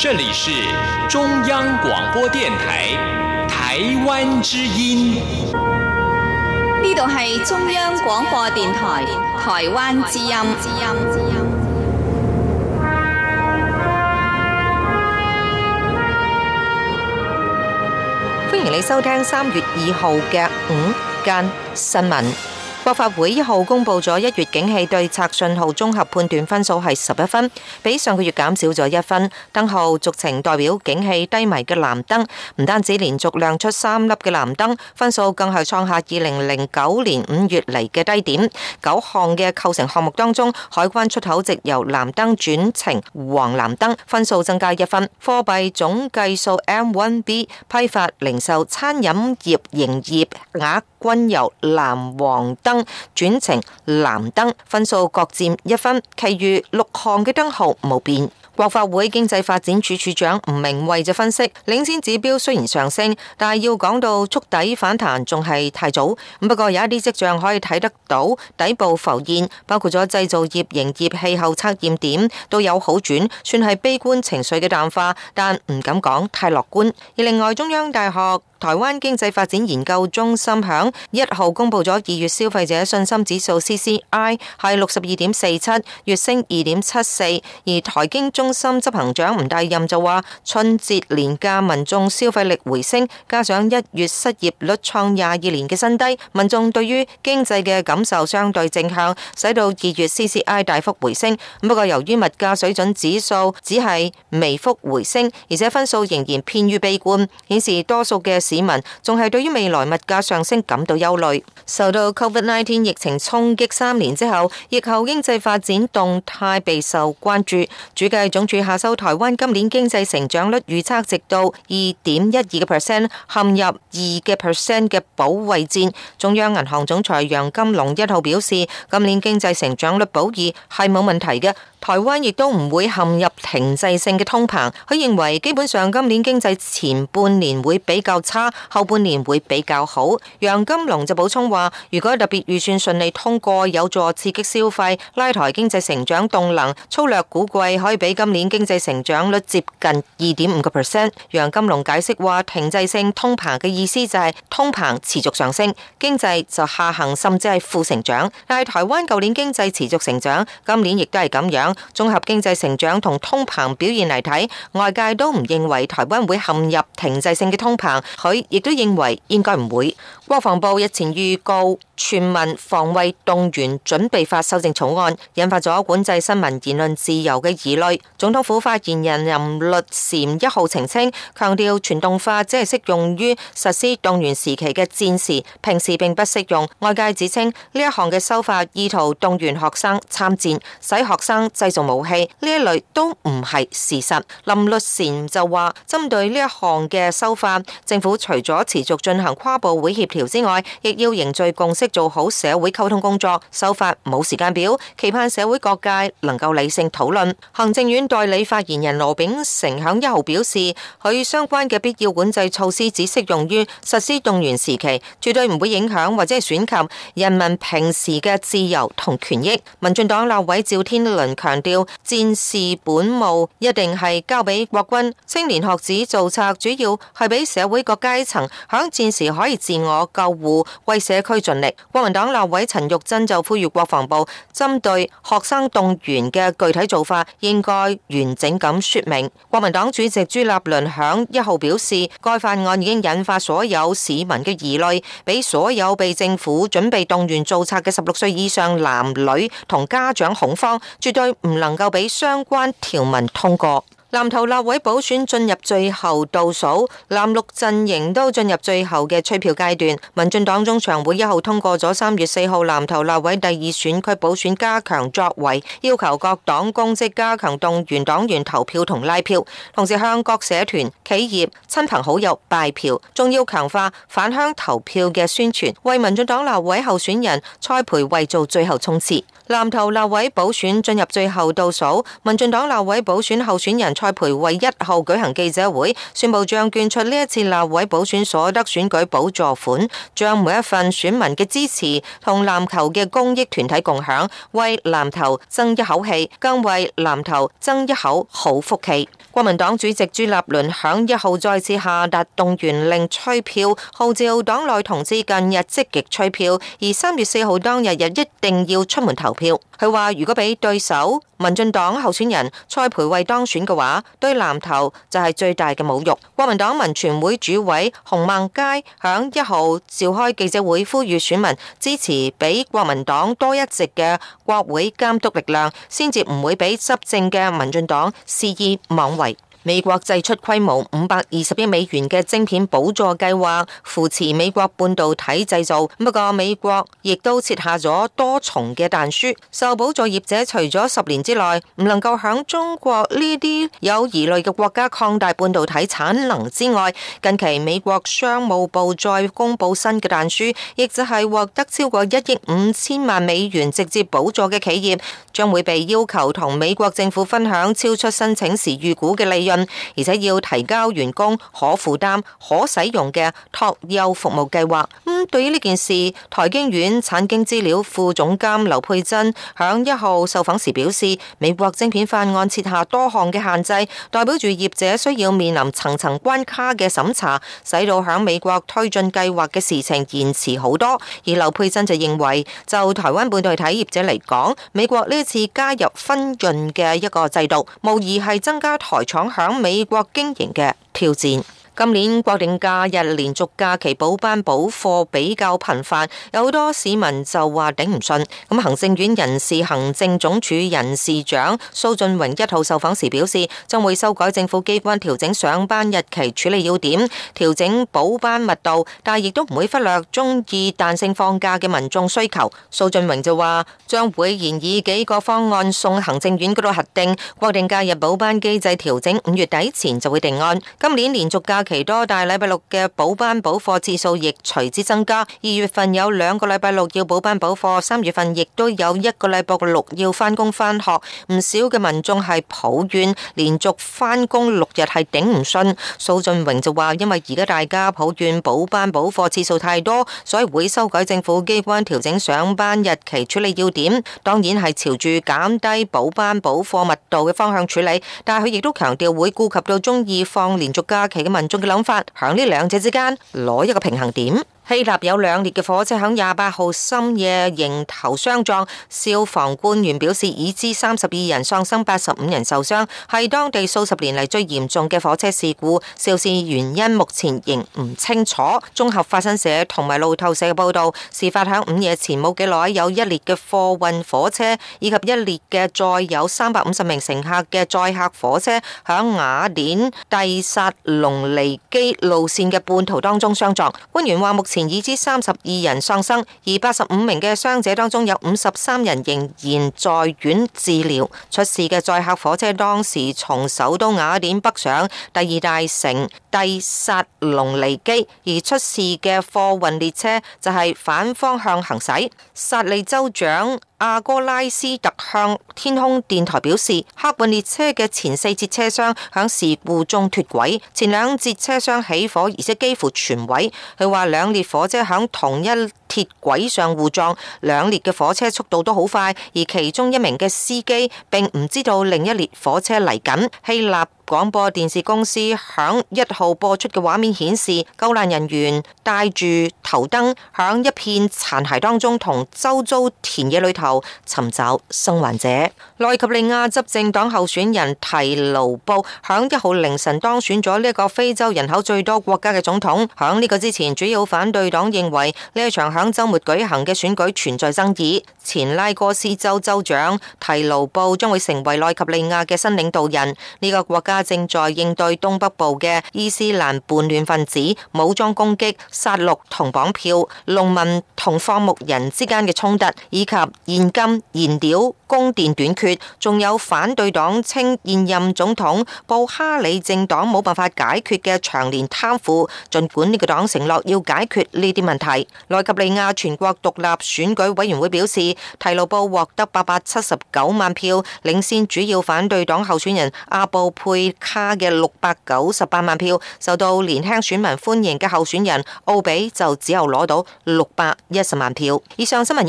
這裏是中央廣播電台台灣之音。呢度係中央廣播電台台灣之音。歡迎你收聽三月二號嘅午間新聞。國發會一號公布咗一月景氣對策信號綜合判斷分數係十一分，比上個月減少咗一分。燈號續呈代表景氣低迷嘅藍燈，唔單止連續亮出三粒嘅藍燈，分數更係創下二零零九年五月嚟嘅低點。九項嘅構成項目當中，海關出口值由藍燈轉呈黃藍燈，分數增加一分。貨幣總計數 M1B 批發零售餐飲業營業額。均由藍黃燈轉成藍燈，分數各佔一分，其餘六項嘅燈號無變。國發會經濟發展處處長吳明慧就分析，領先指標雖然上升，但係要講到觸底反彈仲係太早。咁不過有一啲跡象可以睇得到底部浮現，包括咗製造業、營業、氣候測驗點都有好轉，算係悲觀情緒嘅淡化，但唔敢講太樂觀。而另外，中央大學。台灣經濟發展研究中心響一號公佈咗二月消費者信心指數 C C I 係六十二點四七，月升二點七四。而台經中心執行長吳大任就話：春節連假民眾消費力回升，加上一月失業率創廿二年嘅新低，民眾對於經濟嘅感受相對正向，使到二月 C C I 大幅回升。不過由於物價水準指數只係微幅回升，而且分數仍然偏於悲觀，顯示多數嘅。市民仲係對於未來物價上升感到憂慮。受到 COVID-19 疫情衝擊三年之後，疫後經濟發展動態備受關注。主計總處下修台灣今年經濟成長率預測，直到二點一二嘅 percent，陷入二嘅 percent 嘅保衛戰。中央銀行總裁楊金龍一號表示，今年經濟成長率保二係冇問題嘅。台灣亦都唔會陷入停滯性嘅通膨，佢認為基本上今年經濟前半年會比較差，後半年會比較好。楊金龍就補充話：，如果特別預算順利通過，有助刺激消費，拉抬經濟成長動能。粗略估計可以俾今年經濟成長率接近二點五個 percent。楊金龍解釋話：，停滯性通膨嘅意思就係、是、通膨持續上升，經濟就下行甚至係負成長。但係台灣舊年經濟持續成長，今年亦都係咁樣。綜合經濟成長同通膨表現嚟睇，外界都唔認為台灣會陷入停滯性嘅通膨，佢亦都認為應該唔會。國防部日前預告。全民防衛動員準備法修正草案引發咗管制新聞言論自由嘅疑慮。總統府發言人林律禪一號澄清，強調全動法只係適用於實施動員時期嘅戰時，平時並不適用。外界指稱呢一項嘅修法意圖動員學生參戰，使學生製造武器，呢一類都唔係事實。林律禪就話，針對呢一項嘅修法，政府除咗持續進行跨部會協調之外，亦要凝聚共識。做好社會溝通工作，修法冇時間表，期盼社會各界能夠理性討論。行政院代理發言人羅秉成響一號表示，佢相關嘅必要管制措施只適用於實施動員時期，絕對唔會影響或者損及人民平時嘅自由同權益。民進黨立委趙天麟強調，戰士本務一定係交俾國軍，青年學子造冊主要係俾社會各階層響戰時可以自我救護，為社區盡力。國民黨立委陳玉珍就呼籲國防部針對學生動員嘅具體做法，應該完整咁說明。國民黨主席朱立倫響一號表示，該法案已經引發所有市民嘅疑慮，俾所有被政府準備動員造冊嘅十六歲以上男女同家長恐慌，絕對唔能夠俾相關條文通過。南投立委補選進入最後倒數，藍綠陣營都進入最後嘅催票階段。民進黨中常會一號通過咗三月四號南投立委第二選區補選加強作為，要求各黨公職加強動員黨員投票同拉票，同時向各社團、企業、親朋好友拜票，仲要強化返鄉投票嘅宣傳，為民進黨立委候選人蔡培慧做最後衝刺。南投立委補選進入最後倒數，民進黨立委補選候選人。蔡培慧一號舉行記者會，宣布將捐出呢一次立委補選所得選舉補助款，將每一份選民嘅支持同南投嘅公益團體共享，為南投爭一口氣，更為南投爭一口好福氣。國民黨主席朱立倫響一號再次下達動員令，催票，號召黨內同志近日積極催票，而三月四號當日日一定要出門投票。佢話如果俾對手民進黨候選人蔡培慧當選嘅話，對南投就係最大嘅侮辱。國民黨文傳會主委洪孟楷響一號召開記者會，呼籲選民支持俾國民黨多一席嘅國會監督力量，先至唔會俾執政嘅民進黨肆意妄為。美國祭出規模五百二十億美元嘅晶片補助計劃，扶持美國半導體製造。不過美國亦都設下咗多重嘅彈書，受補助業者除咗十年之內唔能夠響中國呢啲有疑慮嘅國家擴大半導體產能之外，近期美國商務部再公布新嘅彈書，亦就係獲得超過一億五千萬美元直接補助嘅企業，將會被要求同美國政府分享超出申請時預估嘅利潤。而且要提交員工可負擔可使用嘅托幼服務計劃，嗯。對於呢件事，台經院產經資料副總監劉佩珍響一號受訪時表示：美國晶片法案設下多項嘅限制，代表住業者需要面臨層層關卡嘅審查，使到響美國推進計劃嘅事情延遲好多。而劉佩珍就認為，就台灣半導體業者嚟講，美國呢次加入分潤嘅一個制度，無疑係增加台廠，響美國經營嘅挑戰。今年國定假日連續假期補班補課比較頻繁，有好多市民就話頂唔順。咁行政院人事行政總處人事長蘇俊榮一號受訪時表示，將會修改政府機關調整上班日期處理要點，調整補班密度，但亦都唔會忽略鍾意彈性放假嘅民眾需求。蘇俊榮就話，將會研議幾個方案送行政院嗰度核定，國定假日補班機制調整五月底前就會定案。今年連續假其多，大禮拜六嘅補班補課次數亦隨之增加。二月份有兩個禮拜六要補班補課，三月份亦都有一個禮拜六要翻工翻學，唔少嘅民眾係抱怨連續翻工六日係頂唔順，蘇俊榮就話，因為而家大家抱怨補班補課次數太多，所以會修改政府機關調整上班日期處理要點，當然係朝住減低補班補課密度嘅方向處理，但係佢亦都強調會顧及到中意放連續假期嘅民眾。嘅諗法，響呢兩者之間攞一個平衡點。希臘有兩列嘅火車響廿八號深夜迎頭相撞，消防官員表示已知三十二人喪生，八十五人受傷，係當地數十年嚟最嚴重嘅火車事故。肇事原因目前仍唔清楚。綜合法新社同埋路透社嘅報道，事發響午夜前冇幾耐，有一列嘅貨運火車以及一列嘅載有三百五十名乘客嘅載客火車響雅典蒂薩隆尼基路線嘅半途當中相撞。官員話目前。前已知三十二人喪生，而八十五名嘅傷者當中有五十三人仍然在院治療。出事嘅載客火車當時從首都雅典北上第二大城蒂薩隆尼基，而出事嘅貨運列車就係反方向行駛。薩利州長。阿哥拉斯特向天空電台表示，客運列車嘅前四節車廂響事故中脫軌，前兩節車廂起火，而且幾乎全毀。佢話兩列火車響同一鐵軌上互撞，兩列嘅火車速度都好快，而其中一名嘅司機並唔知道另一列火車嚟緊。希臘廣播電視公司響一號播出嘅畫面顯示，救難人員帶住頭燈，響一片殘骸當中同周遭田野裏頭尋找生還者。奈及利亞執政黨候選人提努布響一號凌晨當選咗呢一個非洲人口最多國家嘅總統。響呢個之前，主要反對黨認為呢一場。等周末舉行嘅選舉存在爭議，前拉各斯州州長提努布將會成為奈及利亞嘅新領導人。呢個國家正在應對東北部嘅伊斯蘭叛亂分子武裝攻擊、殺戮同綁票、農民同放牧人之間嘅衝突，以及現金、燃料、供電短缺，仲有反對黨稱現任總統布哈里政黨冇辦法解決嘅長年貪腐。儘管呢個黨承諾要解決呢啲問題，奈及利。利亞全國獨立選舉委員會表示，提努布獲得八百七十九萬票，領先主要反對黨候選人阿布佩卡嘅六百九十八萬票。受到年輕選民歡迎嘅候選人奧比就只有攞到六百一十萬票。以上新聞。